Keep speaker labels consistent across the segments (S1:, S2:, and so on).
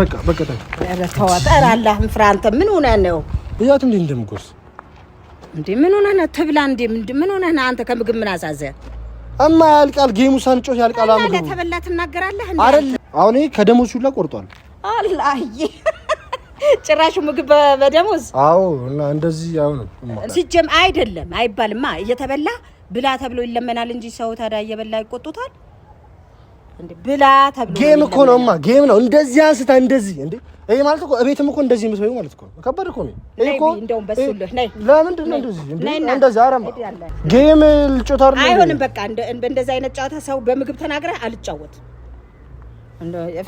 S1: በቃ በቃ ምን ሆነ ነው እያት እንዴ እንደምጎርስ
S2: እንዴ ምን ሆነ ነው ትብላ እንዴ ምን ምን ሆነ ነው አንተ ከምግብ ምን አሳዘ
S1: እማ ያልቃል ጌሙ ሳንጮህ ያልቃል
S2: አምሩ አለ ተበላ ትናገራለህ
S1: እንዴ አይደል አሁን ከደሞዝ ሁላ ቆርጧል
S2: አላህ ጭራሹ ምግብ በደሞዝ
S1: አዎ እና እንደዚህ አሁን
S2: ሲጀም አይደለም አይባልማ እየተበላ ብላ ተብሎ ይለመናል እንጂ ሰው ታዲያ እየበላ ይቆጡታል ብላ ተብሎ
S1: ጌም እኮ ነው ጌም ነው። እንደዚህ አንስታ እንደዚህ እንዴ! ይሄ ማለት እኮ እቤትም እኮ እንደዚህ የምትበይው ማለት እኮ ከበድ እኮ ነው።
S2: ይሄ እኮ እንደውም በስልህ ነይ።
S1: ለምንድን ነው እንደዚህ እንዴ? እንደዚህ አረማ ጌም ልጮታ
S2: አይደለም። አይሆንም። በቃ እንደዚህ አይነት ጨዋታ ሰው በምግብ ተናግረ አልጫወት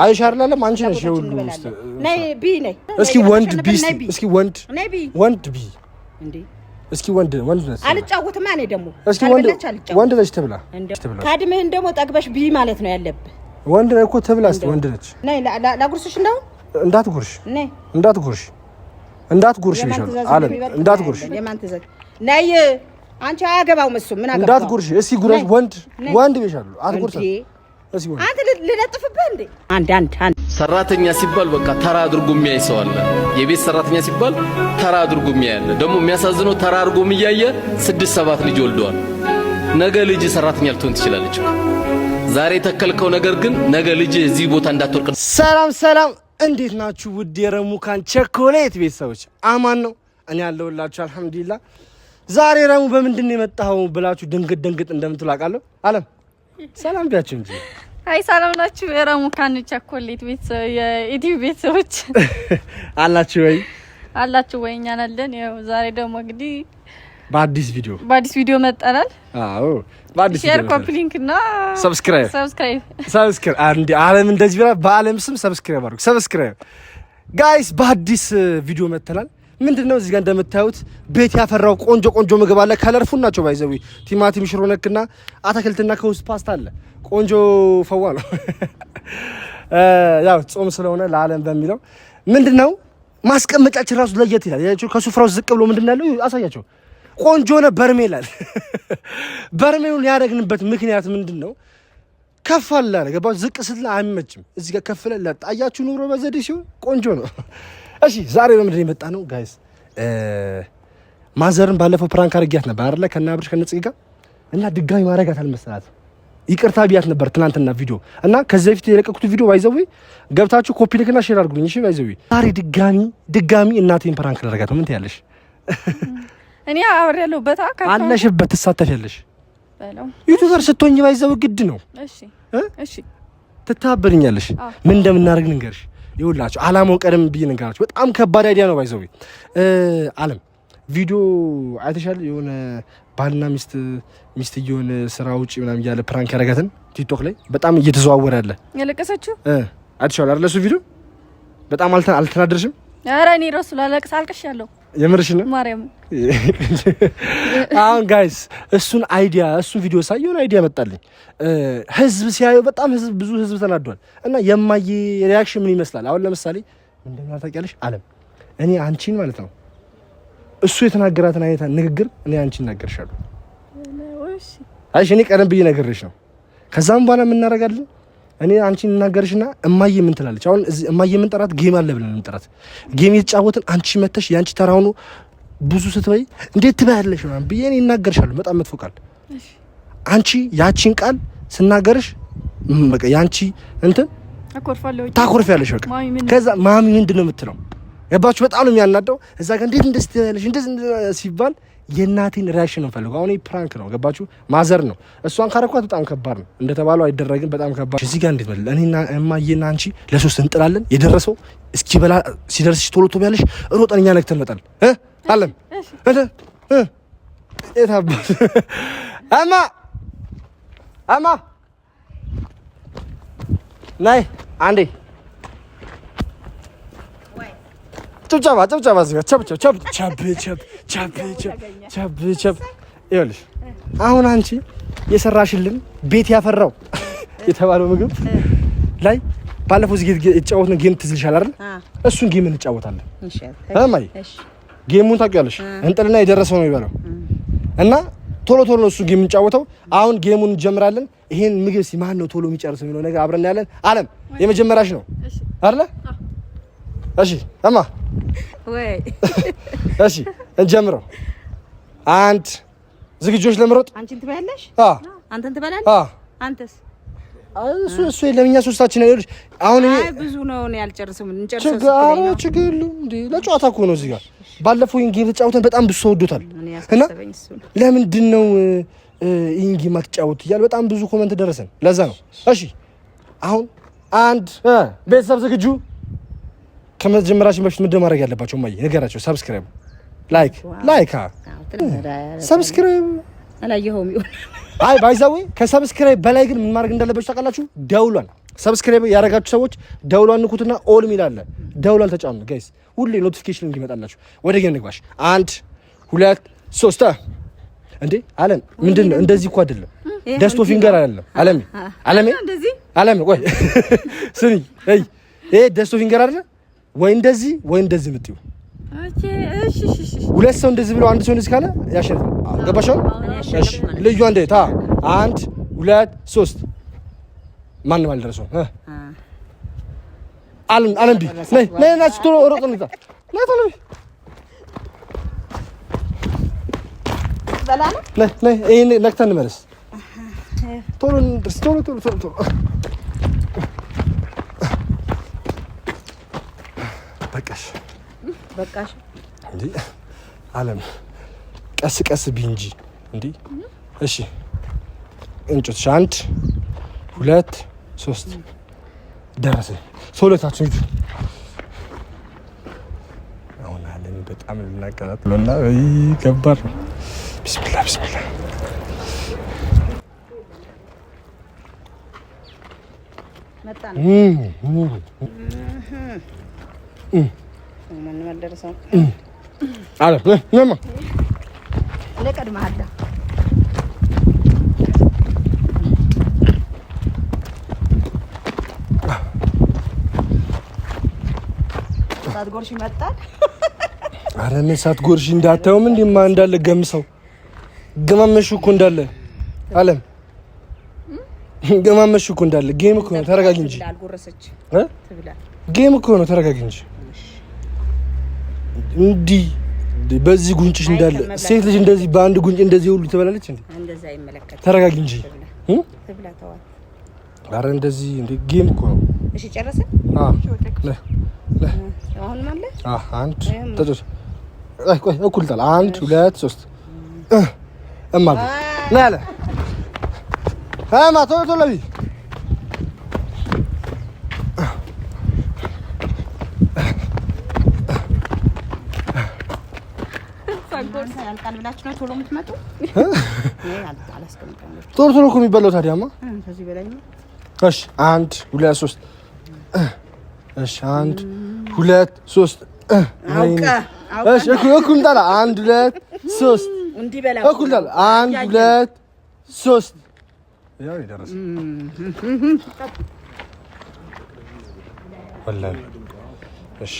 S1: አይሻርላለም አንቺ ነሽ የሁሉ
S2: ውስጥ ነይ። ቢ ነይ።
S1: እስኪ ወንድ ቢ እስኪ ወንድ ወንድ ቢ እንዴ እስኪ ወንድ ወንድ ነሽ
S2: አልጫወትም። እኔ ደግሞ
S1: እስኪ ወንድ ወንድ ነሽ ትብላ
S2: ካድምህን ደግሞ ጠግበሽ ቢ ማለት ነው ያለብህ።
S1: ወንድ ነው እኮ ትብላ። እስኪ ወንድ ነች።
S2: ነይ ላጉርስሽ። እንደው
S1: እንዳትጉርሽ፣ እንዳትጉርሽ፣ እንዳትጉርሽ ይሻል አለ። እንዳትጉርሽ
S2: ነይ። አንቺ አያገባውም እሱ
S1: ምን አገባው። እንዳትጉርሽ። እስኪ ጉረሽ። ወንድ ወንድ ይሻል። አትጉርሽ
S2: አንተ ልለጥፍብህ እንዴ?
S1: አንድ አንድ አንድ ሰራተኛ ሲባል በቃ ተራ አድርጎ የሚያይ ሰው አለ። የቤት ሰራተኛ ሲባል ተራ አድርጎ የሚያይ አለ። ደግሞ የሚያሳዝነው ተራ አድርጎ እያየ ስድስት ሰባት ልጅ ወልደዋል። ነገ ልጅ ሰራተኛ ልትሆን ትችላለች። ዛሬ የተከልከው ነገር ግን ነገ ልጅ እዚህ ቦታ እንዳትወርቅ። ሰላም ሰላም፣ እንዴት ናችሁ ውድ የረሙካን ቸኮሌት ቤተሰቦች? አማን ነው እኔ ያለሁላችሁ አልሐምዱሊላህ። ዛሬ ረሙ በምንድን ነው የመጣኸው ብላችሁ ድንግጥ ድንግጥ እንደምትላቃለሁ አለም ሰላም ቢያችሁ እንጂ
S2: አይ ሰላም ናችሁ? ካን ቸኮሌት ቤተሰብ የኢትዮ ቤተሰቦች አላችሁ ወይ አላችሁ ወይ? እኛ አለን። ያው ዛሬ ደግሞ እንግዲህ
S1: በአዲስ ቪዲዮ
S2: በአዲስ ቪዲዮ መጠናል። አዎ በአዲስ ሼር፣ ኮፒ ሊንክ እና ሰብስክራይብ ሰብስክራይብ
S1: ሰብስክራይብ አንድ ዓለም እንደዚህ ብላ በዓለም ስም ሰብስክራይብ አድርጉ። ሰብስክራይብ ጋይስ፣ በአዲስ ቪዲዮ መጥተናል። ምንድነው እዚህ ጋር እንደምታዩት ቤት ያፈራው ቆንጆ ቆንጆ ምግብ አለ። ከለርፉ ናቸው ባይዘዊ ቲማቲም፣ ሽሮ ነክና አታክልትና ከውስጥ ፓስታ አለ። ቆንጆ ፈዋ ነው። ያው ጾም ስለሆነ ለዓለም በሚለው ምንድን ነው ማስቀመጫችን ራሱ ለየት ይላል። ያቸው ከሱፍራው ዝቅ ብሎ ምንድን ያለው አሳያቸው። ቆንጆ ሆነ በርሜ ይላል። በርሜውን ያደረግንበት ምክንያት ምንድን ነው? ከፍ አለ ገባ። ዝቅ ስትል አይመችም። እዚህ ጋር ከፍለ ለጣያችሁ ኑሮ በዘዴ ሲሆን ቆንጆ ነው። እሺ ዛሬ በምንድን የመጣ ነው ጋይስ? ማዘርን ባለፈው ፕራንክ አድርጊያት ነበር አይደለ? ከና አብርሽ ከነጽጌ ጋር እና ድጋሚ ማድረግ አልመሰላት ይቅርታ ብያት ነበር ትናንትና ቪዲዮ እና ከዚህ በፊት የለቀኩት ቪዲዮ ባይዘዌ ገብታችሁ ኮፒ ልክና ሼር አድርጉልኝ። እሺ ባይዘዌ ዛሬ ድጋሚ ድጋሚ እናቴን ፕራንክ ላደርጋት ነው። ምን ትያለሽ?
S2: እኔ አብሬ ያለሁበት
S1: አለሽበት ትሳተፊያለሽ። ዩቱበር ስትሆኝ ባይዘዌ ግድ ነው። እሺ እሺ ትተባበሪኛለሽ። ምን እንደምናደርግ ንገርሽ ይውላችሁ አላማው ቀደም ብዬ ነገራችሁ። በጣም ከባድ አይዲያ ነው። ባይዘው አለም ቪዲዮ አይተሻል? የሆነ ባልና ሚስት ሚስት እየሆነ ስራ ውጭ ምናምን እያለ ፕራንክ ያረጋትን ቲክቶክ ላይ በጣም እየተዘዋወረ ያለ ያለቀሰችው አይተሻል አይደል? ቪዲዮ በጣም አልተናደርሽም?
S2: ኧረ እኔ ራሱ ላለቅስ አልቅሻለሁ። የምርሽ ነው ማርያም።
S1: አሁን ጋይስ እሱን አይዲያ እሱን ቪዲዮ ሳይ የሆነ አይዲያ መጣልኝ። ህዝብ ሲያየው በጣም ህዝብ ብዙ ህዝብ ተናዷል። እና የማየ ሪያክሽን ምን ይመስላል? አሁን ለምሳሌ እንደምን ታውቂያለሽ አለም እኔ አንቺን ማለት ነው እሱ የተናገራትን አይነት ንግግር እኔ አንቺን እናገርሻለሁ። አይሽ እኔ ቀደም ብዬ ነገርሽ ነው። ከዛም በኋላ የምናደርጋለን እኔ አንቺ እናገርሽና እማዬ ምን ትላለች? አሁን እማዬ ምን ጠራት? ጌም አለ ብለን የምንጠራት ጌም የተጫወትን አንቺ መተሽ የአንቺ ተራውኑ ብዙ ስትበይ እንዴት ትበያለሽ ምናምን ብዬ እኔ እናገርሻለሁ። በጣም መጥፎ ቃል አንቺ ያቺን ቃል ስናገርሽ በቃ ያንቺ እንትን ታኮርፍ ያለሽ በቃ ከዛ ማሚ ምንድን ነው የምትለው? ገባችሁ? በጣም ነው የሚያናደው። እዛ ጋር እንዴት እንደዚህ ትያለሽ እንደዚህ ሲባል የእናቴን ሪያክሽን እንፈልገው። አሁን ፕራንክ ነው፣ ገባችሁ? ማዘር ነው። እሷን ካረኳት በጣም ከባድ ነው፣ እንደተባለው አይደረግም። በጣም ከባድ እዚህ ጋር እንዴት መለለ እኔና እማዬና አንቺ ለሶስት እንጥላለን። የደረሰው እስኪበላ ሲደርስሽ ቶሎ ቶሎ ያለሽ ሮጠን እኛ ነግተን እንመጣለን። አለም የታባት አማ አማ ናይ አንዴ ጭብጨባ ጭብጨባ ቸብ ቸብ ቸብ ቸብቸብ ይኸውልሽ፣ አሁን አንቺ የሰራሽልን ቤት ያፈራው የተባለው ምግብ ላይ ባለፈው እዚህ የተጫወት ነው ጌም ትዝ ይልሻል አይደል? እሱን ጌም እንጫወታለን። ማይ ጌሙን ታውቂያለሽ? እንጥልና የደረሰው ነው የሚበላው እና ቶሎ ቶሎ ነው እሱን ጌም እንጫወተው። አሁን ጌሙን እንጀምራለን። ይሄን ምግብ ሲ ማን ነው ቶሎ የሚጨርሰው የሚለው ነገር አብረን ያለን። አለም የመጀመሪያሽ ነው አይደለ? እሺ እማ ወይ እሺ እንጀምረው። አንድ ዝግጆች ለመሮጥ አንቺን እንትን ትበያለሽ። አዎ አንተን እንትን ትበላለህ። አዎ አንተስ? እሱ እሱ የለም። እኛ ሶስታችን አይደል? አሁን አይ ብዙ ነው ነው ያልጨርስም እንጨርሰው። ችግር ችግር የለውም እንዴ ለጨዋታ እኮ ነው። እዚህ ጋር ባለፈው ይሄን ጌም በጣም ብዙ ሰው ወዶታል። እና ለምንድን ነው ይሄን ጌም አትጫወት በጣም ብዙ ኮመንት ደረሰን። ለዛ ነው። እሺ አሁን አንድ ቤተሰብ ዝግጁ ከመጀመራችን በፊት ምንድን ማድረግ ያለባቸው ማየ ነገራቸው። ሰብስክራይብ ላይክ ላይክ ሰብስክራይብ አላየኸውም ይሆን? አይ ባይዛዌ ከሰብስክራይብ በላይ ግን ምን ማድረግ እንዳለበት ታውቃላችሁ? ደውሏል ሰብስክራይብ ያደረጋችሁ ሰዎች ደውሏን ንኩትና ኦል ሚል አለ ደውሏን ተጫኑ ጋይስ፣ ሁሌ ኖቲፊኬሽን እንዲመጣላችሁ። ወደ ጌም ንግባሽ። አንድ ሁለት ሶስት። እንዴ አለን ምንድን ነው? እንደዚህ እኮ አይደለም። ደስቶ ፊንገር አይደለም። አለሜ አለሜ አለሜ ቆይ ስኒ፣ ይሄ ደስቶ ፊንገር አይደለም ወይ እንደዚህ ወይ እንደዚህ ምጥዩ ሁለት ሰው እንደዚህ ብለው አንድ ሰው እንደዚህ ካለ ያሸንፋል። ገባሻል? እሺ ልዩ አንዴ ታ አንድ ሁለት ሶስት ማንም አልደረሰውም። አለም አለም ቢ ነይ ነይ ነይ ቶሎ ሮጥ እንታ ነይ ቶሎ ነይ ነይ ይሄን ነክተን እንመለስ ቶሎ ቶሎ ቶሎ ቶሎ በቃሽ እንዴ? አለም ቀስ ቀስ ቢ እንጂ እንዴ። እሺ እንጭት አንድ ሁለት ሶስት ደረሰ። ሶለታችን ይዙ አሁን አለም በጣም ልናቀራት ብሎና ከባድ ነው። ቢስሚላ ቢስሚላ መጣ ነው ኧረ እኔ ሳትጎርሺ እንዳታየውም እንዲማ እንዳለ ገምሰው ገማመሽ እኮ እንዳለ አለም ገማመሽ እኮ እንዳለ ጌም እኮ ነው። ተረጋጊ እንጂ ጌም እኮ ነው። ተረጋጊ እንጂ እንዲህ በዚህ ጉንጭሽ እንዳለ ሴት ልጅ እንደዚህ በአንድ ጉንጭ እንደዚህ ሁሉ ትበላለች እንዴ? እንደዛ ተረጋጊ እንጂ። አረ እንደዚህ እንዴ! ጌም እኮ ነው። እሺ ጨረሰ? አሁን ጨረስን። አንድ አይ ቆይ እኩል ጣል። አንድ ሁለት ሶስት እማ ነው ያለ እማማ ቶሎ ቶሎ ቢ ይመጣል ብላችሁ ነው ቶሎ የምትመጡ? ቶሎ ቶሎ እኮ የሚበላው ታዲያማ። እሺ አንድ ሁለት ሶስት። እሺ አንድ ሁለት ሶስት። እሺ እኩል ጣላ። አንድ ሁለት ሶስት። እኩል ጣላ። አንድ ሁለት ሶስት። ያው ይደረስ ወላሂ። እሺ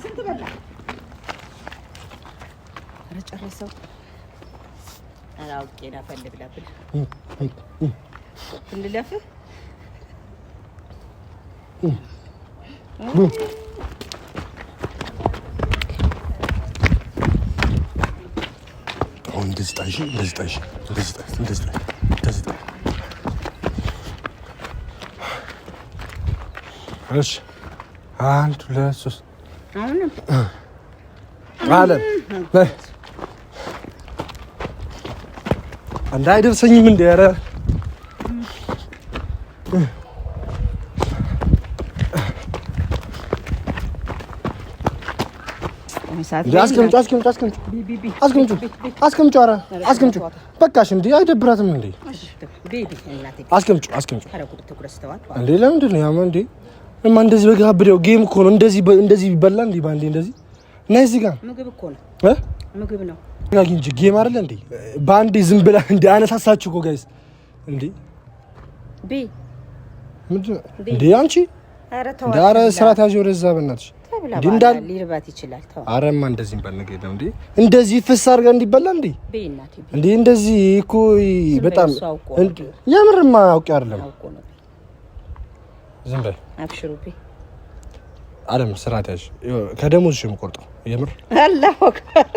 S1: ስንት በላ? ኧረ ጨረሰው። አላውቄ ናፈል ብላብን እንለፍህ አሁን እንደዚህ እንደዚህ አንድ ሁለት ሶስት አለም እንዳይደርሰኝም እንደ ኧረ አስቀምጪው አስቀምጪው አስቀምጪው በቃሽ። እንደ አይደብራትም እንደ አስቀምጪው አስቀምጪው እንደ ለምንድን ነው ያማ እንደ እማ እንደዚህ በግራ በጋብደው ጌም እኮ ነው። እንደዚህ እንደዚህ ይበላ እንዴ? ባንዴ እንደዚህ እና እዚህ ጋር ምግብ እኮ ነው እ ምግብ ነው ጋር እንጂ ጌም አይደለ እንዴ? ባንዴ ዝም ብላ እንዴ አነሳሳችሁ እኮ ጋይስ እንዴ ቢ ምንድን እንዴ አንቺ ኧረ ስራት ያዥ ወደዛ በእናትሽ ሊርባት ይችላል። ተው አረማ እንደዚህ በነገር ነው እንዴ እንደዚህ ፍስ አድርጋ እንዲበላ እንዴ እንዴ እንደዚህ እኮ በጣም የምርማ አውቄ አይደለም አውቆ ነው ዝም በይ አብሽሩብኝ። አለም ስርዓት ያዥ። ከደሞዝሽ የምቆርጠው የምር አላሁ አክበር።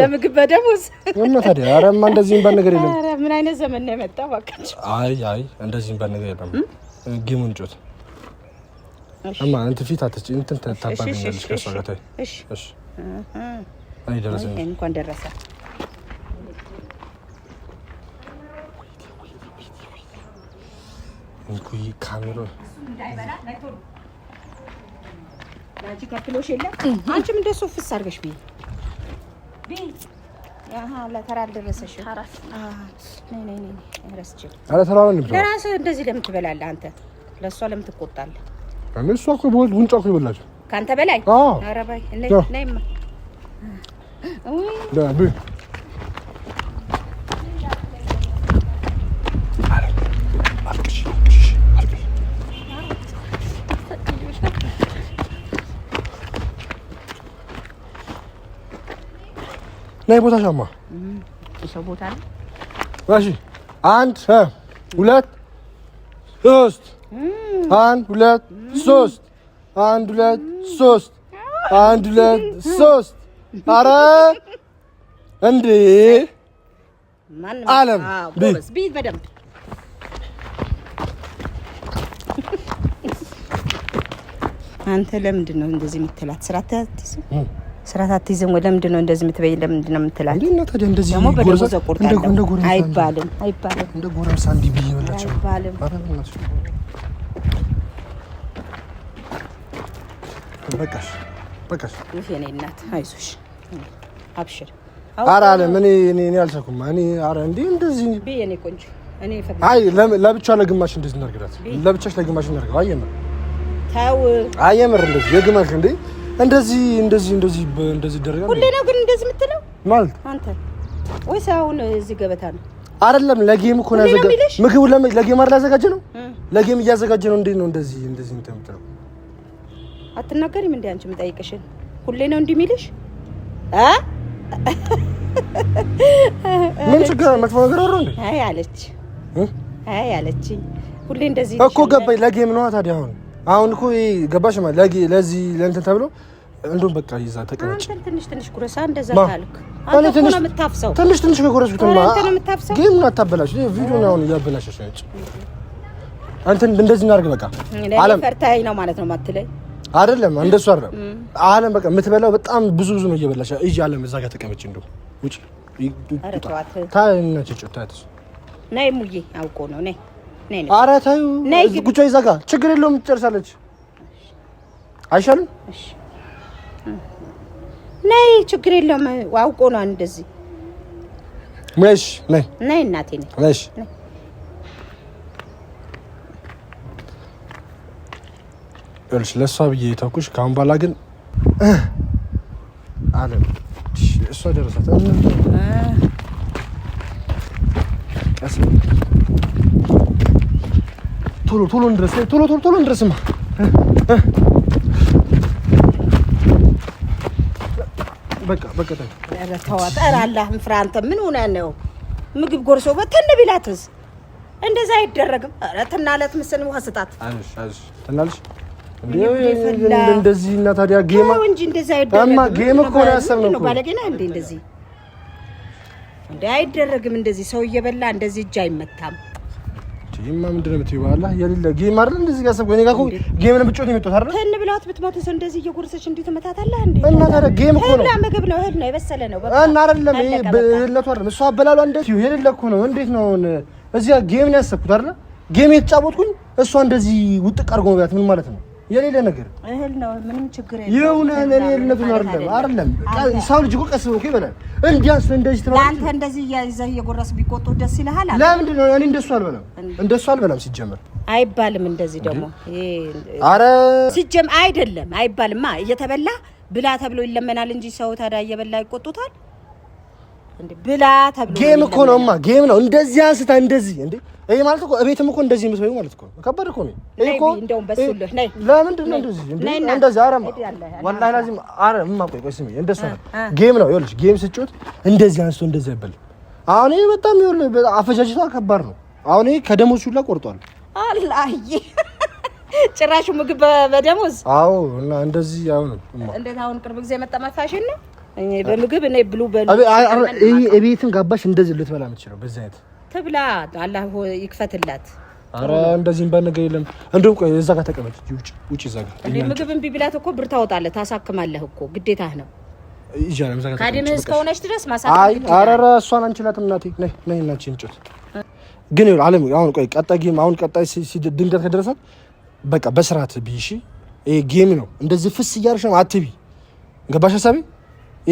S1: ለምግብ በደሞዝ እና ታዲያ። ኧረ እማ እንደዚህ የሚባል ነገር የለም። ምን አይነት ዘመን ነው የመጣው? እባክህ አይ አይ፣ እንደዚህ የሚባል ነገር የለም። ጊሙን ጩት እማ እንትን ፊት አትስጪ፣ እንትን ታባቢኛለሽ ከእሷ ጋር ተይ። እሺ እሺ። አይ ደረሰኝ እንኳን ደረሰ ይ ካሜራ አንቺ ቀጥሎሽ የለም። አንቺም እንደሱ ፍስ አድርገሽ ብዬሽ ለተራ አልደረሰሽም። ለራስህ እንደዚህ ለምን ትበላለህ አንተ? ለእሷ ለምን ትቆጣለህ? እሷ እኮ ጉንጫ እኮ ይበላችሁ ከአንተ በላይ ናይ ቦታ ሻማ ቦታ እሺ፣ አንድ ሁለት ሶስት፣ አንድ ሁለት ሶስት፣ አንድ ሁለት ሶስት፣ አንድ ሁለት ሶስት። አረ እንዴ! አለም አንተ ለምንድን ነው እንደዚህ የምትላት? ስራ አትይዝም ስራት አትይዝም ወይ? ለምንድን ነው እንደዚህ የምትበይ? ለምንድን ነው የምትላት? እና ታዲያ እንደዚህ ደግሞ በደሞዝ እቆርጣለሁ አይባልም፣ አይባልም፣ እንደ ጎረምሳ እንዲህ ብዬሽ ይኸውላቸው አይባልም። በቃሽ፣ በቃሽ፣ ይሄ የእኔ እናት አይዞሽ፣ አብሽር። ኧረ አለም እኔ እኔ አልሰኩም። እኔ ኧረ እንዴ እንደዚህ ብዬሽ የእኔ ቆንጆ አይ ለብቻ ለግማሽ እንደዚህ እናድርግላት፣ ለብቻሽ ለግማሽ እናድርገው። አየምር፣ ተው፣ አየምር እንደዚህ የግማሽ እንዴ እንደዚህ እንደዚህ እንደዚህ እንደዚህ ይደረጋል። ሁሌ ነው ግን እንደዚህ የምትለው ማለት አንተ ወይስ አሁን እዚህ ገበታ ነው? አይደለም ለጌም እኮ ነው። ምግቡ ለጌም አይደል ያዘጋጀ ነው። ለጌም እያዘጋጀ ነው። እንዴት ነው እንደዚህ እንደዚህ የምትለው? አትናገሪም እንዴ አንቺ የምጠይቅሽን? ሁሌ ነው እንዲህ የሚልሽ እ ምን ችግር መጥፎ ነገር አለው እንዴ? አይ አለች፣ አይ አለች። ሁሌ እንደዚህ እኮ ገባኝ። ለጌም ነዋ ታዲያ አሁን አሁን እኮ ገባሽ ለዚህ ለእንትን ተብሎ እንደውም በቃ ይዛ ተቀመጭ። ትንሽ ትንሽ ጉረሳ እንደዛ ታልክ አንተ ትንሽ ትንሽ ግን ምን አታበላሽ፣ ቪዲዮ ነው እያበላሸሽ ነጭ። አንተ እንደዚህ እናድርግ በቃ ነው ማለት ነው ማትለኝ አይደለም፣ እንደሱ አይደለም። በቃ የምትበላው በጣም ብዙ ብዙ ነው እየበላሽ እጅ። አለም እዛ ጋር ተቀመጭ፣ እንደው ውጭ ታ ነይ ሙዬ አውቆ ነው ነይ ኧረ ተይው፣ ጉጆ ይዘጋ፣ ችግር የለውም ትጨርሳለች። አይሻልም? ነይ፣ ችግር የለውም። አውቆ ነው እንደዚህ። ነሽ ነይ፣ ነይ፣ እናቴ ነሽ። ይኸውልሽ ለእሷ ብዬ ተኩሽ። ከአሁን በኋላ ግን አለ እሷ ደረሳት። ቶሎ ቶሎ እንድረስ ቶሎ ቶሎ ቶሎ እንድረስማ በቃ በቃ አላህን ፍራ። አንተ ምን ሆነህ ነው? ምግብ ጎርሶ በተን ቢላትስ እንደዛ አይደረግም። ኧረ ትናለት ምስል ውሃ ስጣት ትናልሽ እንደዚህ እና ታዲያ ጌማ እንጂ እንደዛ አይደረግም። ጌም እኮ ነው ያሰብነው። ባለጌና እንዴ እንደዚህ እንደ አይደረግም። እንደዚህ ሰው እየበላ እንደዚህ እጅ አይመታም። ጌም ምንድን ነው የምትይው? በኋላ የሌለ ጌም አይደል እንደዚህ ያሰብኩ እኔ ጋር እኮ ጌም ነው የመጣሁት አይደል? ሰው እንደዚህ እየጎረሰች እንዴ? እና ታዲያ ጌም እኮ ነው፣ ምግብ ነው፣ እህል ነው፣ የበሰለ ነው በቃ እና አይደለም ይሄ እህለቱ አበላሏ የሌለ እኮ ነው። እንዴት ነው እዚያ ጌም ነው ያሰብኩት አይደል? ጌም የተጫወትኩኝ እሷ እንደዚህ ውጥቅ አድርጎ መብላት ምን ማለት ነው? የሌለ ነገር እህል ነው። ምንም ችግር የለም። አይደለም አይደለም። ሰው ልጅ እኮ ቀስ ብሎ እኮ ይበላል። እንዲያስ እንደዚህ ትላለህ አንተ። እንደዚህ ይዘህ እየጎረስ ቢቆጡ ደስ ይልሃል። ለምንድን ነው እኔ እንደሱ አልበላም፣ እንደሱ አልበላም። ሲጀመር አይባልም እንደዚህ ደግሞ። አረ ሲጀመር አይደለም አይባልማ። እየተበላ ብላ ተብሎ ይለመናል እንጂ ሰው ታዲያ እየበላ ይቆጡታል። ብላ ተብሎ ጌም እኮ ነው ጌም ነው። እንደዚህ አንስታ እንደዚህ እንዴ! ይሄ ማለት እኮ እቤትም እኮ እንደዚህ የምትበይው ማለት እኮ ከበድ እኮ ነው። ለምንድን ነው ጌም ነው። ይኸውልሽ ጌም ስጮት እንደዚህ አንስቶ እንደዚህ አይበል። አሁን ይሄ በጣም ይኸውልህ አፈጃጅቷ ከባድ ነው። አሁን ይሄ ከደሞዝ ሁላ ቆርጧል። አላህ ጭራሹ ምግብ በደሞዝ አዎ። እና እንደዚህ አሁን እንዴት አሁን ቅርብ ጊዜ የመጣ መፋሽን ነው እኔ በምግብ እኔ ብሉ በሉ እቤትም ጋባሽ እንደዚህ ልትበላ የምትችለው በዚህ አይነት ትብላ። አላህ ይክፈትላት። አረ በነገ የለም። እንደው ቆይ እዛ ጋር ተቀመጥ፣ ውጭ ውጭ፣ እዛ ጋር እኔ ምግብ እምቢ ብላት እኮ ብር ታወጣለህ፣ ታሳክማለህ እኮ ግዴታህ ነው። ይጃለም ካዲም እስከሆነች ድረስ አይ አረ እሷን እናቴ ነይ ነይ፣ እናቴ ግን አለም አሁን ቆይ ቀጣይ ጌም አሁን ቀጣይ ድንገት ከደረሳት በቃ በስርዓት ይሄ ጌም ነው። እንደዚህ ፍስ ነው አትቢ። ገባሽ ሀሳቤ?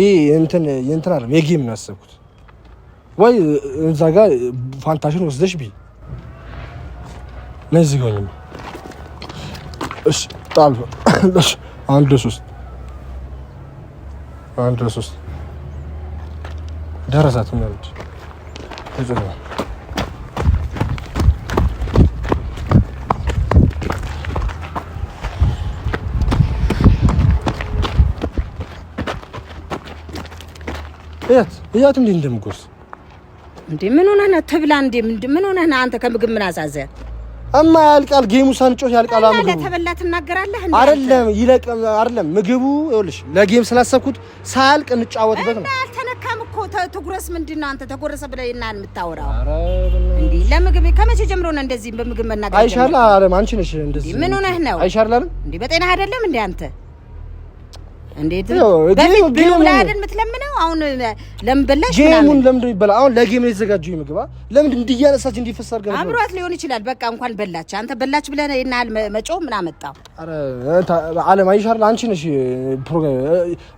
S1: ይሄ እንትን እንትን አይደለም፣ የጌም ነው ያሰብኩት። ወይ እዛ ጋር ፋንታሽን ወስደሽ ቢ ነዚህ ጎኝ እሺ፣ ጣል አንድ ሶስት አንድ ሶስት ደረሳት ምናለች ተጽፈ እያት እያት እንዴ እንደምጎርስ እንዴ ምን ሆነህ ነው? ተብላ እንዴ ምን ምን ሆነህ ነው አንተ? ከምግብ ምን አሳዘህ? እማ ያልቃል፣ ጌሙ ሳንጮህ ያልቃል። አለ ለተበላ ትናገራለህ እንዴ? አይደለም ይለቅ አይደለም ምግቡ ይኸውልሽ፣ ለጌም ስላሰብኩት ሳያልቅ እንጫወትበት ነው። አልተነካም እኮ ትጉረስ። ምንድን ነው አንተ ተጎረሰ ብለህ እናን የምታወራው እንዴ? ለምግብ ከመቼ ጀምሮ ነው እንደዚህ በምግብ መናገር? አይሻል አይደለም አንቺ ነሽ እንደዚህ። ምን ሆነህ ነው? አይሻል አይደለም እንዴ? በጤና አይደለም እንዴ አንተ ጌሙን ለምንድን ነው አሁን ለጌም የተዘጋጀው ምግብ። ለምንድን እንዲያነሳች እንዲፈሳ አድርገህ አምሯት ሊሆን ይችላል። በቃ እንኳን በላች። አንተ በላች ብለህ ይናል መጮህ ምን አመጣው? ኧረ አይሻል። አንቺ ነሽ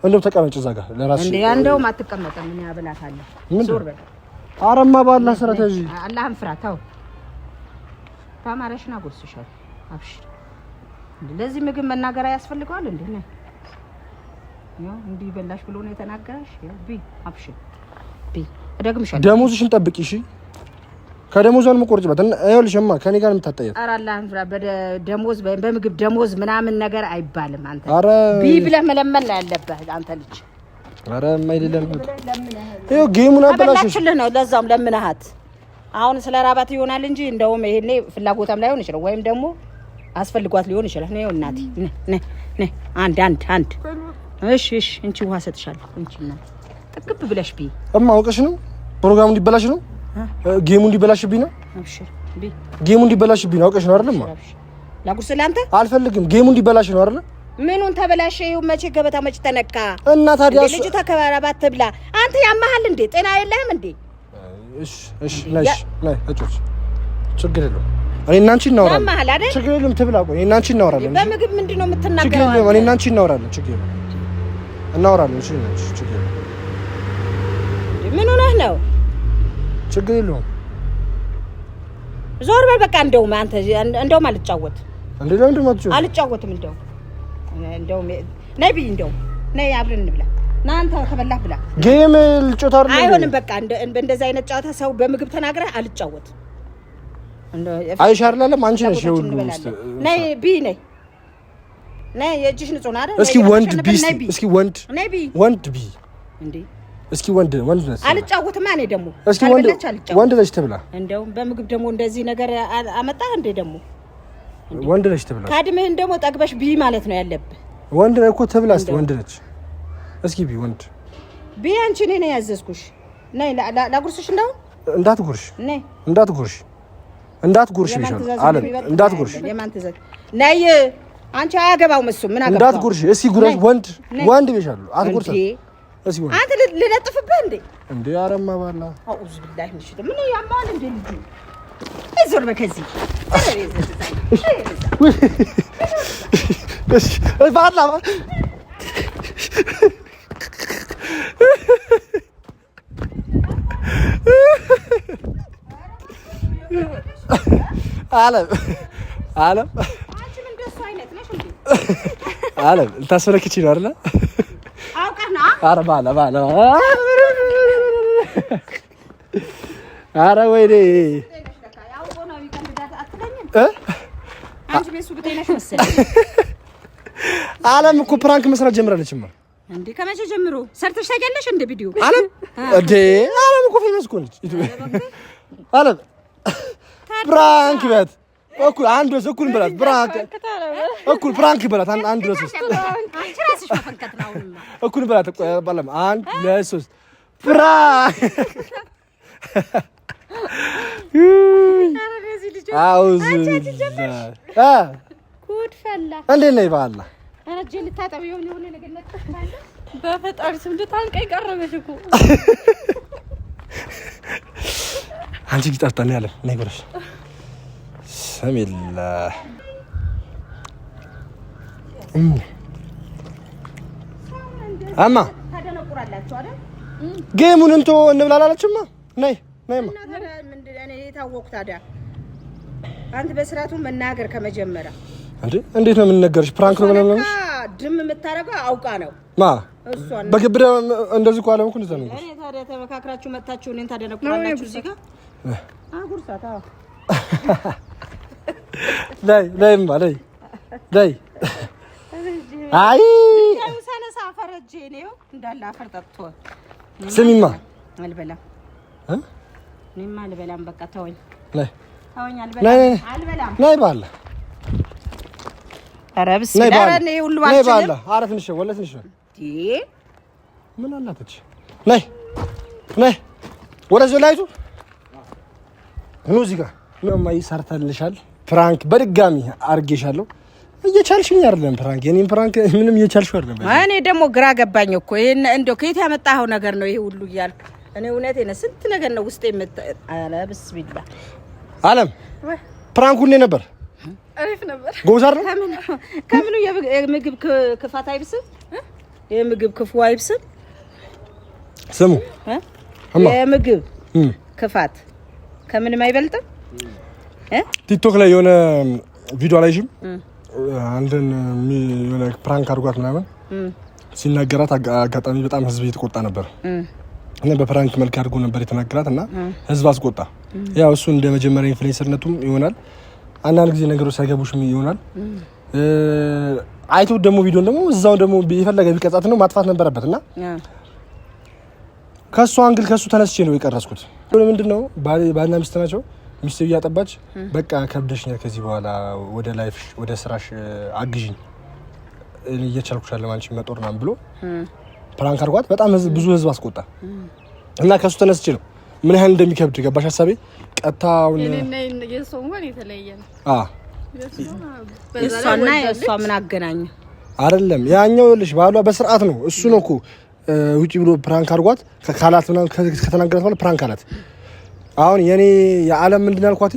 S1: እንደው ተቀመጭ እዛ ጋር ለራስሽ። እንዴ እንደውም አትቀመጥም። እኔ አበላታለሁ። ምን ዞር በል። አረማ ባላ ስራት እዚህ አላህን ፍራ። ተው ታማረሽና ጎስሻል። አብሽር። ለዚህ ምግብ መናገር ያስፈልገዋል እንዴ? እንዲህ በላሽ ብሎ ነው የተናገረሽ። ቢ አብሽን እደግምሻለሁ። ደሞዝሽን ጠብቂ እሺ። ከደሞዟን መቆርጭበት ይኸውልሽማ፣ ከኔ ጋር የምታጠያት ኧረ አላህን ፍራ። በደሞዝ በምግብ ደሞዝ ምናምን ነገር አይባልም። አንተ ቢ ብለህ መለመን ነው ያለብህ አንተ ልጅ። ኧረ የማይልለም ይኸው ጌሙን አበላሽልህ ነው። ለዛውም ለምነሃት አሁን ስለ ራባት ይሆናል እንጂ እንደውም ይሄኔ ፍላጎታም ላይሆን ይችላል፣ ወይም ደግሞ አስፈልጓት ሊሆን ይችላል። ነው እናቴ፣ ነ ነ ነ አንድ አንድ አንድ እሺ፣ እሺ፣ እንቺ ውሃ ሰጥሻለሁ። እንቺ እና ጥቅብ ብለሽ ቢ እማ ነው ፕሮግራሙ እንዲበላሽ ነው ጌሙ እንዲበላሽብኝ ነው። ጌሙ እንዲበላሽብኝ ነው። አውቀሽ ነው አይደል? ላጉርስ ለአንተ አልፈልግም። ጌሙ እንዲበላሽ ነው አይደል? ምኑን ተበላሸ? ይኸው መቼ ገበታ መቼ ተነካ? እና ታዲያ ልጅ ተከባራባት ትብላ። አንተ ያመሃል እንዴ? ጤና የለህም እንዴ? እሺ፣ እሺ፣ ላይ ላይ እጮች ችግር የለውም። እኔ እና አንቺ እናወራለን። ችግር የለም ትብላ። ቆይ እኔ እና አንቺ እናወራለን። በምግብ ምንድን ነው የምትናገረው? ችግር የለም። እኔ እና አንቺ እናወራለን። ችግር የለም እናወራለን። እሺ ችግር ምን ሆነህ ነው? ችግር የለውም። ዞር በል በቃ። እንደውም አንተ እንደውም አልጫወት እንዴ ነው እንደማትጨው አልጫወትም። እንደውም እንደውም ነይ ብይ፣ እንደውም ነይ አብረን እንብላ። ና ከበላህ ብላ። ጌም ልጮታ አይደለም። አይሆንም በቃ እንደዛ አይነት ጨዋታ ሰው በምግብ ተናግረህ አልጫወት። አይሻር አንቺ ነሽ ሁሉ ነይ ብይ ነይ የእጅሽ ንጹህ ነው አይደል? እስኪ ወንድ ቢ እስኪ ወንድ ወንድ ቢ እስኪ ወንድ ወንድ ነሽ። አልጫወትማ እኔ ደግሞ እስኪ ወንድ ወንድ ነሽ ትብላ። እንደውም በምግብ ደግሞ እንደዚህ ነገር አመጣ እንዴ ደግሞ ወንድ ነሽ ትብላ። ከእድሜህን ደግሞ ጠግበሽ ቢ ማለት ነው ያለብህ። ወንድ ነህ እኮ ትብላ። እስኪ ወንድ ነች። እስኪ ቢ ወንድ ቢ አንቺ እኔ ነኝ ያዘዝኩሽ። ነይ ላጉርስሽ። እንደው እንዳትጉርሽ ነይ እንዳትጉርሽ እንዳትጉርሽ ይሻላል አለ እንዳትጉርሽ ነይ አንቺ አያገባውም። እሱ ምን አገባው? እንዳትጉርሽ። እስኪ ጉረሽ። ወንድ ወንድ አትጉርሽ። እስኪ ወንድ አንተ ልለጥፍብህ እንዴ? እንዴ! አረማ ባላ አውዝ ቢላህ ምን ያማል እንዴ? ልጅ እዞር እሺ፣ ባላ አለም አለም አለም ልታስመለክቺ ነው አይደለ? አረ አረ ወይኔ አለም እኮ ፕራንክ መስራት ጀምራለችማ። እንዴ ከመቼ ጀምሮ ሰርተሽ ታውቂያለሽ? እንደ ቪዲዮ አለም እንዴ አለም እኮ ፌመስ እኮ ነች አለም ፕራንክ በት እኩል አንድ ወስ እኩል በላት ብራክ እኩል ፍራንክ በላት አንድ ለሶስት እኩል በላት ባለም አንድ ለሶስት ፍራ አውዝ አ ጉድ ፈላ እንዴት ነህ? ይባላ አረጀ ልታጠብ የሆነ የሆነ ነገር ለጥፋለ በፈጣሪ ስም ልታልቀኝ ቀረበሽ እኮ አንቺ ጊዜ ጠፍታ ነው ያለ ነይ ጉረሽ ብስሚላህ አማ ጌሙን እንቶ እንብላላለችማ። ነይ ነይማ። አንተ በስርዓቱ መናገር ከመጀመሪያ እንዴት ነው የምንነገርሽ? ፕራንክ ነው ብለን ድም የምታደርገው አውቃ ነው ማ በግብደ እንደዚህ እኮ እንደዛ ነው። እኔ ታዲያ ተመካክራችሁ መታችሁ እኔን ታደነቁራላችሁ እዚህ ጋር አጉርሳታ ላይ ላይማ ላይ ላይ አይ ስሚማ አልበላም እኔማ አልበላም። በቃ ተወኝ ተወኝ፣ ነይ በኋላ ኧረ ብስኪ ኧረ ትንሽ ወለ ትንሽ ምን አላተች? ነይ ነይ፣ ወደዚህ ላይቱ ኑ እዚህ ጋር ምን እማዬ ሰርተልሻል ፕራንክ በድጋሚ አርጌሻለሁ። እየቻልሽኝ አይደለም ፕራንክ፣ የኔም ፕራንክ ምንም እየቻልሽ አይደለም። እኔ ደግሞ ግራ ገባኝ እኮ ይሄን እንደው ከየት ያመጣኸው ነገር ነው ይሄ ሁሉ እያልኩ እኔ እውነቴን ነው። ስንት ነገር ነው ውስጤ የምት አለ ብስሚላ አለም ፕራንክ ሁሌ ነበር አሪፍ ነበር። ጎዛር ነው ከምኑ የምግብ ክፋት አይብስም፣ የምግብ ክፉ አይብስም። ስሙ የምግብ ክፋት ከምንም አይበልጥም። ቲክቶክ ላይ የሆነ ቪዲዮ አላይሽም? አንድን የሆነ ፕራንክ አድርጓት ምናምን ሲናገራት አጋጣሚ በጣም ህዝብ እየተቆጣ ነበር እና በፕራንክ መልክ አድርጎ ነበር የተናገራት እና ህዝብ አስቆጣ። ያው እሱ እንደ መጀመሪያ ኢንፍሉዌንሰርነቱም ይሆናል አንዳንድ ጊዜ ነገሮች ሳይገቡሽም ይሆናል አይቶ ደግሞ ቪዲዮን ደግሞ እዛው ደግሞ የፈለገ ቢቀጻት ነው ማጥፋት ነበረበት እና ከእሱ አንግል ከእሱ ተነስቼ ነው የቀረስኩት። ምንድን ነው ባልና ሚስት ናቸው ሚስት እያጠባች በቃ ከብደሽኛል፣ ከዚህ በኋላ ወደ ላይፍሽ ወደ ስራሽ አግዥኝ እየቻልኩሻለሁ አንቺ መጦር ናም ብሎ ፕራንክ አድርጓት በጣም ብዙ ህዝብ አስቆጣ እና ከሱ ተነስቼ ነው ምን ያህል እንደሚከብድ ገባሽ ሀሳቤ። ቀጥታውን እሷና እሷ ምን አገናኘ? አይደለም ያኛው ልሽ ባሏ በስርዓት ነው። እሱ ነው እኮ ውጪ ብሎ ፕራንክ አድርጓት ካላት ከተናገራት ማለት ፕራንክ አላት አሁን የኔ የዓለም ምንድን ያልኳት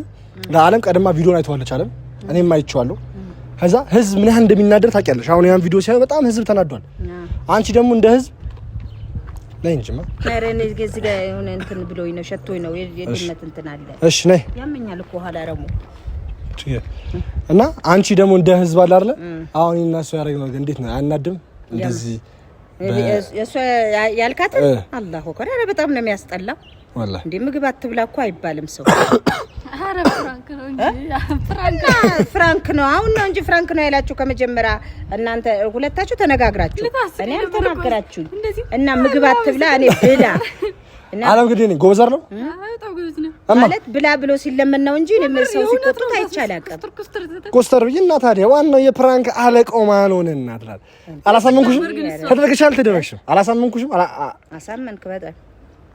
S1: ለዓለም ቀድማ ቪዲዮን አይተዋለች አለም እኔም አይቼዋለሁ። ከዛ ህዝብ ምን ያህል እንደሚናደር ታውቂያለሽ። አሁን ያን ቪዲዮ ሲያዩ በጣም ህዝብ ተናዷል። አንቺ ደግሞ እንደ ህዝብ ነይ እንጂማ ካረኔ እሺ ነይ እና አንቺ ደግሞ እንደ ህዝብ አለ አይደለ? አሁን እና እሱ ያደረገው ነገር እንዴት ነው አያናድም? እንደዚህ ያልካትን ያልካት አላህ በጣም ነው የሚያስጠላ እንዴ ምግብ አትብላ እኮ አይባልም ሰው። ፍራንክ ነው አሁን ነው እንጂ ፍራንክ ነው ያላችሁ ከመጀመሪያ እናንተ ሁለታችሁ ተነጋግራችሁ፣ እኔ አልተናገራችሁኝ እና ምግብ አትብላ እኔ ብላ አለም ግዲ ነኝ ጎበዘር ነው ማለት ብላ ብሎ ሲለመን ነው እንጂ ሰው ሲቆጡት አይቻላቅም። ኮስተር ብዬ እና ታዲያ ዋናው የፕራንክ አለቀው ማልሆን እናድላል። አላሳመንኩሽም፣ ተደረግሻል፣ ተደረግሽም፣ አላሳመንኩሽም። አሳመንክ በጣም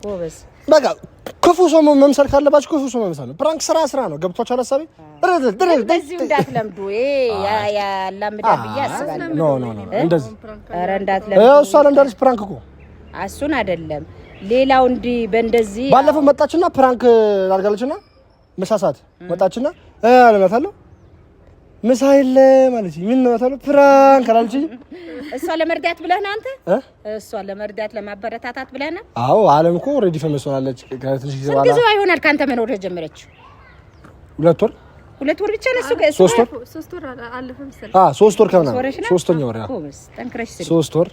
S1: ጎበዝ በቃ ክፉ ሰው መምሰል ካለባችሁ ክፉ ሰው መምሰል ነው። ፕራንክ ስራ ስራ ነው። ገብቷችኋል ሀሳቤ? እንደዚህ እንዳትለምዱ ያላምዳ ብዬ አስባለሁ። እንደዚህ ኧረ እንዳትለምዱ። እሷ እንዳለች ፕራንክ እኮ እሱን አይደለም ሌላው እንዲህ በእንደዚህ ባለፈው መጣችና ፕራንክ አድርጋለችና ምሳ ሰዓት መጣችና እለመታለሁ ምሳ የለ ማለት ምን ነው ታለ ፕራንክ አላልችኝ። እሷ ለመርዳት ብለህ ነው አንተ? እሷ ለመርዳት ለማበረታታት ብለህ ነው? አዎ ዓለም እኮ ኦልሬዲ ፈመሷለች። ከትንሽ ጊዜ በኋላ ጊዜዋ ይሆናል ካንተ መኖር የጀመረችው ሁለት ወር ሁለት ወር ብቻ ነው። እሱ ጋር ሶስት ወር ሶስት ወር አለፈ መሰለኝ። አዎ ሶስት ወር ከምናምን ሶስተኛ ወር ነው። ጠንክረሽ ሶስት ወር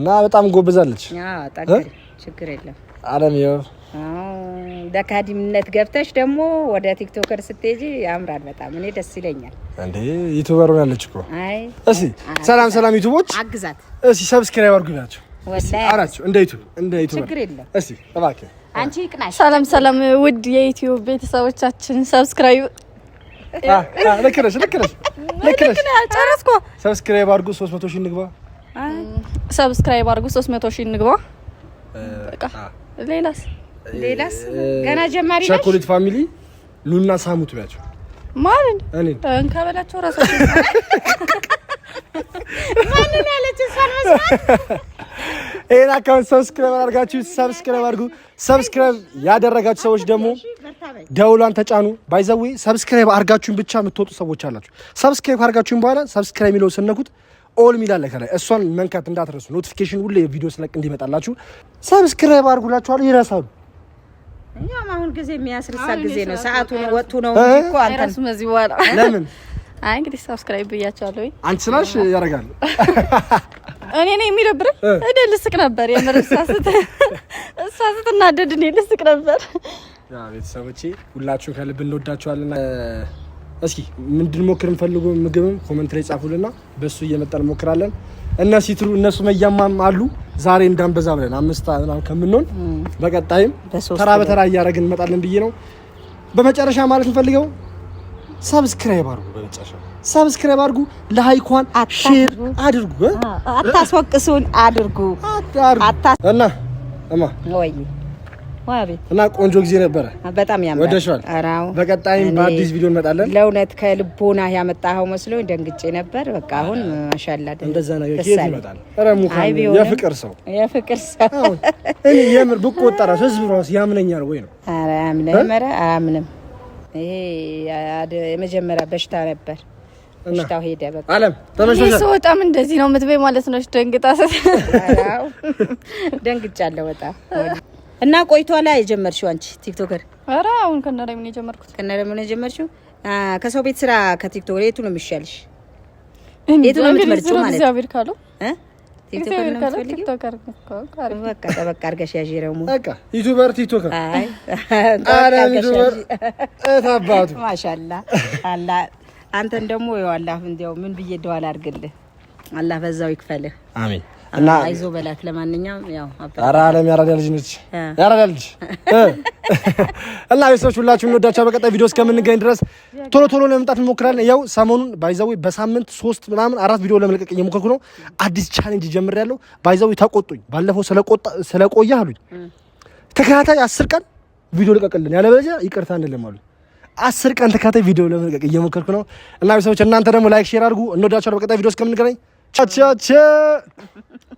S1: እና በጣም ጎብዛለች። አዎ ጠንክረሽ ችግር የለም አለም ይኸው ደካዲምነት ገብተሽ ደግሞ ወደ ቲክቶከር ስትሄጂ ያምራል በጣም። እኔ ደስ ይለኛል። እንዴ ዩቲዩበር ያለች እኮ። አይ እሺ፣ ሰላም ሰላም ዩቲዩቦች አግዛት። እሺ፣ ሰብስክራይብ አድርጉኝ ናቸው አራችሁ እንደ ዩቲዩብ እንደ ዩቲዩብ ችግር የለም። እሺ፣ እባክህ አንቺ ይቅናሽ። ሰላም ሰላም፣ ውድ የዩቲዩብ ቤተሰቦቻችን ሰብስክራይብ ልክ ነሽ፣ ልክ ነሽ፣ ልክ ነሽ። ጨረስኩ። ሰብስክራይብ አድርጉ፣ 300 ሺህ እንግባ። ሰብስክራይብ አድርጉ፣ 300 ሺህ እንግባ። በቃ ሌላስ ሌላስ ገና ጀማሪ ነሽ። ቸኮሌት ፋሚሊ ሉና ሳሙት ብያቸው ማን እኔ እንካበላቸው ራሳቸው ማንን ያለች ይሄን አካውንት ሰብስክራይብ አድርጋችሁ ሰብስክራይብ አድርጉ። ሰብስክራይብ ያደረጋችሁ ሰዎች ደግሞ ደውሏን ተጫኑ። ባይዘዌ ሰብስክራይብ አድርጋችሁን ብቻ የምትወጡ ሰዎች አላችሁ። ሰብስክራይብ አድርጋችሁን በኋላ ሰብስክራይብ የሚለውን ስነኩት ኦል ሚላለ ከላይ እሷን መንካት እንዳትረሱ። ኖቲፊኬሽን ሁሌ ቪዲዮ ስለቅ እንዲመጣላችሁ ሰብስክራይብ አድርጉላችኋል። ይረሳሉ እኛም አሁን ጊዜ የሚያስርሳ ጊዜ ነው፣ ሰዓቱ ነው፣ ወቅቱ ነው እኮ አንተ መዚህ በኋላ ለምን አይ እንግዲህ ሰብስክራይብ ብያቸዋለሁ። አንቺ ስላሽ ያደርጋል እኔ የሚደብረኝ። እኔ ልስቅ ነበር የምር እኔ ልስቅ ነበር። ቤተሰቦቼ ሁላችሁ ከልብ እንወዳችኋልና እስኪ ምንድን ሞክር እንፈልጉ ምግብም ኮመንት ላይ ጻፉልና በእሱ እየመጣን ሞክራለን። እነ ሲትሩ እነሱ መያማም አሉ ዛሬ እንዳንበዛ ብለን አምስት ከምንሆን በቀጣይም ተራ በተራ እያደረግን እንመጣለን ብዬ ነው። በመጨረሻ ማለት እንፈልገው ሰብስክራይብ አድርጉ። በመጨረሻ ሰብስክራይብ አድርጉ፣ ለሀይኳን ሼር አድርጉ፣ አታስወቅሱን አድርጉ እና እማ ወይ እና ቆንጆ ጊዜ ነበረ። በጣም ያምራል። ወደሻል። በቀጣይም በአዲስ ቪዲዮ እንመጣለን። ለእውነት ከልቦና ያመጣኸው መስሎ ደንግጬ ነበር። በቃ አሁን ማሻላ እንደዛ ነገር ይመጣል። የፍቅር ሰው የፍቅር ሰው እኔ የምር ብቆጣ ራሱ ህዝብ ራሱ ያምነኛል ወይ ነው? ኧረ አያምንም፣ ኧረ አያምንም። ይሄ የመጀመሪያ በሽታ ነበር። በሽታው ሄደ። በቃ አለም ተመሽቷል። ስወጣም እንደዚህ ነው የምትበይ ማለት ነው። ደንግጣ ደንግጫለሁ በጣም እና ቆይቷ ላይ የጀመርሽው አንቺ ቲክቶከር? ኧረ አሁን ከነረም ነው የጀመርኩት። ከነረም ነው የጀመርሽው። ከሰው ቤት ስራ ከቲክቶክ የቱ ነው የሚሻልሽ? የቱ ነው የምትመርጪው ማለት ነው? እግዚአብሔር ካለው ቲክቶከር ነው ቲክቶከር ነው። በቃ በቃ አድርገሽ ዩቲዩበር ቲክቶከር። አይ አራም ዩቲዩበር እታባቱ ማሻአላ አላ አንተን ደግሞ ይኸው አላህ እንዲያው ምን ብዬ ደዋል አድርግልህ አላህ በዛው ይክፈልህ። አሜን እና አይዞ በላት። ለማንኛውም ያው ኧረ አለም ያራዳ ልጅ ነች፣ ያራዳ ልጅ እና ቤተሰቦች ሁላችሁ እንወዳችሁ። በቀጣይ ቪዲዮ እስከምንገኝ ድረስ ቶሎ ቶሎ ለመምጣት እንሞክራለን። ያው ሰሞኑን ባይዛዊ በሳምንት ሶስት ምናምን አራት ቪዲዮ ለመልቀቅ እየሞከርኩ ነው። አዲስ ቻሌንጅ ጀምሬያለሁ። ባይዛዊ ተቆጡኝ፣ ባለፈው ስለቆየ አሉኝ። ተከታታይ አስር ቀን ቪዲዮ ልቀቅልን፣ ያለበለዚያ ይቅርታ አንልም አሉኝ። አስር ቀን ተከታታይ ቪዲዮ ለመልቀቅ እየሞከርኩ ነው እና ቤተሰቦች እናንተ ደግሞ ላይክ፣ ሼር አድርጉ። እንወዳችኋል። በቀጣይ ቪዲዮ እስከምንገናኝ 차차차 아,